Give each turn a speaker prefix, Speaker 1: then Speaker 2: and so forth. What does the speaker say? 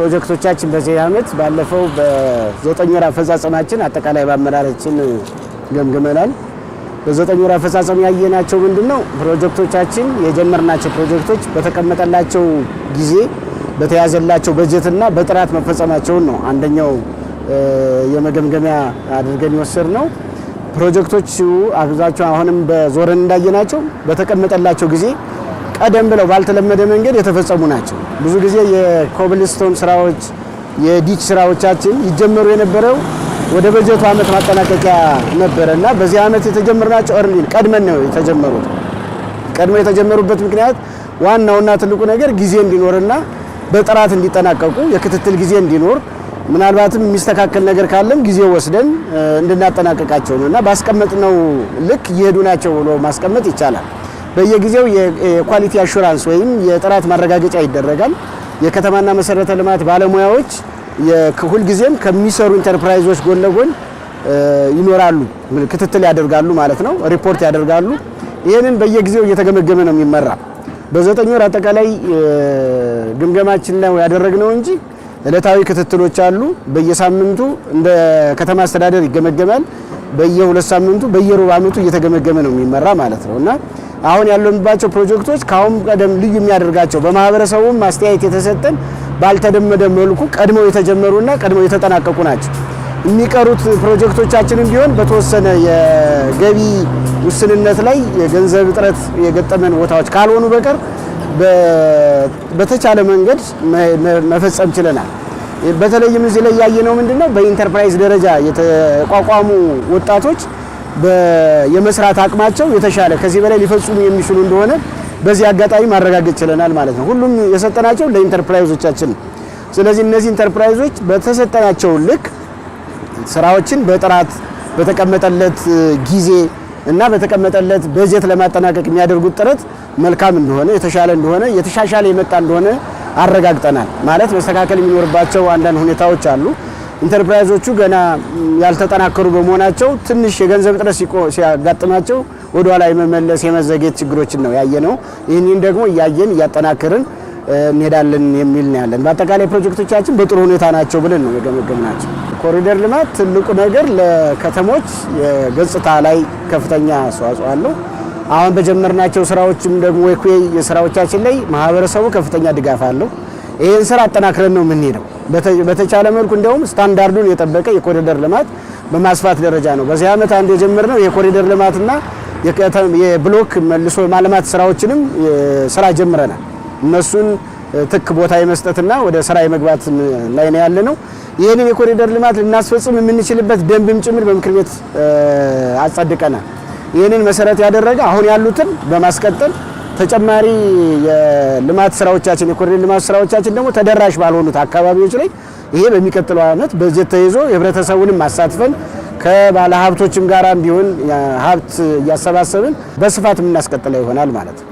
Speaker 1: ፕሮጀክቶቻችን በዚህ ዓመት ባለፈው በዘጠኝ ወር አፈጻጸማችን አጠቃላይ በአመራራችን ገምግመናል። በዘጠኝ ወር አፈጻጸም ያየናቸው ምንድን ነው? ፕሮጀክቶቻችን የጀመርናቸው ፕሮጀክቶች በተቀመጠላቸው ጊዜ በተያዘላቸው በጀትና በጥራት መፈጸማቸውን ነው አንደኛው የመገምገሚያ አድርገን የወሰድ ነው። ፕሮጀክቶቹ አብዛቸው አሁንም በዞረን እንዳየናቸው በተቀመጠላቸው ጊዜ ቀደም ብለው ባልተለመደ መንገድ የተፈጸሙ ናቸው። ብዙ ጊዜ የኮብልስቶን ስራዎች፣ የዲች ስራዎቻችን ይጀመሩ የነበረው ወደ በጀቱ አመት ማጠናቀቂያ ነበረ እና በዚህ አመት የተጀመርናቸው እርሊ ቀድመን ነው የተጀመሩት። ቀድሞ የተጀመሩበት ምክንያት ዋናውና ትልቁ ነገር ጊዜ እንዲኖርና በጥራት እንዲጠናቀቁ የክትትል ጊዜ እንዲኖር ምናልባትም የሚስተካከል ነገር ካለም ጊዜ ወስደን እንድናጠናቀቃቸው ነው እና ባስቀመጥነው ልክ እየሄዱ ናቸው ብሎ ማስቀመጥ ይቻላል። በየጊዜው የኳሊቲ አሹራንስ ወይም የጥራት ማረጋገጫ ይደረጋል። የከተማና መሰረተ ልማት ባለሙያዎች ሁልጊዜም ከሚሰሩ ኢንተርፕራይዞች ጎን ለጎን ይኖራሉ፣ ክትትል ያደርጋሉ ማለት ነው፣ ሪፖርት ያደርጋሉ። ይህንን በየጊዜው እየተገመገመ ነው የሚመራ። በዘጠኝ ወር አጠቃላይ ግምገማችን ነው ያደረግነው እንጂ እለታዊ ክትትሎች አሉ። በየሳምንቱ እንደ ከተማ አስተዳደር ይገመገማል። በየሁለት ሳምንቱ፣ በየሩብ ዓመቱ እየተገመገመ ነው የሚመራ ማለት ነው እና አሁን ያለንባቸው ፕሮጀክቶች ከአሁን ቀደም ልዩ የሚያደርጋቸው በማህበረሰቡም ማስተያየት የተሰጠን ባልተደመደ መልኩ ቀድመው የተጀመሩና ቀድመው የተጠናቀቁ ናቸው። የሚቀሩት ፕሮጀክቶቻችንም ቢሆን በተወሰነ የገቢ ውስንነት ላይ የገንዘብ እጥረት የገጠመን ቦታዎች ካልሆኑ በቀር በተቻለ መንገድ መፈጸም ችለናል። በተለይም እዚህ ላይ ያየነው ምንድነው በኢንተርፕራይዝ ደረጃ የተቋቋሙ ወጣቶች የመስራት አቅማቸው የተሻለ ከዚህ በላይ ሊፈጽሙ የሚችሉ እንደሆነ በዚህ አጋጣሚ ማረጋገጥ ችለናል ማለት ነው። ሁሉም የሰጠናቸው ለኢንተርፕራይዞቻችን። ስለዚህ እነዚህ ኢንተርፕራይዞች በተሰጠናቸው ልክ ስራዎችን በጥራት በተቀመጠለት ጊዜ እና በተቀመጠለት በጀት ለማጠናቀቅ የሚያደርጉት ጥረት መልካም እንደሆነ የተሻለ እንደሆነ የተሻሻለ የመጣ እንደሆነ አረጋግጠናል። ማለት መስተካከል የሚኖርባቸው አንዳንድ ሁኔታዎች አሉ። ኢንተርፕራይዞቹ ገና ያልተጠናከሩ በመሆናቸው ትንሽ የገንዘብ እጥረት ሲያጋጥማቸው ወደኋላ የመመለስ የመዘግየት ችግሮችን ነው ያየ ነው። ይህንን ደግሞ እያየን እያጠናከርን እንሄዳለን የሚል ነው ያለን። በአጠቃላይ ፕሮጀክቶቻችን በጥሩ ሁኔታ ናቸው ብለን ነው የገመገም ናቸው። ኮሪደር ልማት ትልቁ ነገር ለከተሞች የገጽታ ላይ ከፍተኛ አስተዋጽኦ አለው። አሁን በጀመርናቸው ስራዎችም ደግሞ የኩዌ የስራዎቻችን ላይ ማህበረሰቡ ከፍተኛ ድጋፍ አለው። ይህን ስራ አጠናክረን ነው የምንሄደው። በተቻለ መልኩ እንዲያውም ስታንዳርዱን የጠበቀ የኮሪደር ልማት በማስፋት ደረጃ ነው። በዚህ ዓመት አንድ የጀመርነው የኮሪደር ልማትና የብሎክ መልሶ ማልማት ስራዎችንም ስራ ጀምረናል። እነሱን ትክ ቦታ የመስጠትና ወደ ስራ የመግባት ላይ ነው ያለ ነው። ይህንን የኮሪደር ልማት ልናስፈጽም የምንችልበት ደንብም ጭምር በምክር ቤት አጸድቀናል። ይህንን መሰረት ያደረገ አሁን ያሉትን በማስቀጠል ተጨማሪ የልማት ስራዎቻችን የኮሪደር ልማት ስራዎቻችን ደግሞ ተደራሽ ባልሆኑት አካባቢዎች ላይ ይሄ በሚቀጥለው ዓመት በጀት ተይዞ ህብረተሰቡንም ማሳትፈን ከባለሀብቶችም ጋራም ቢሆን ሀብት እያሰባሰብን በስፋት የምናስቀጥለው ይሆናል ማለት ነው።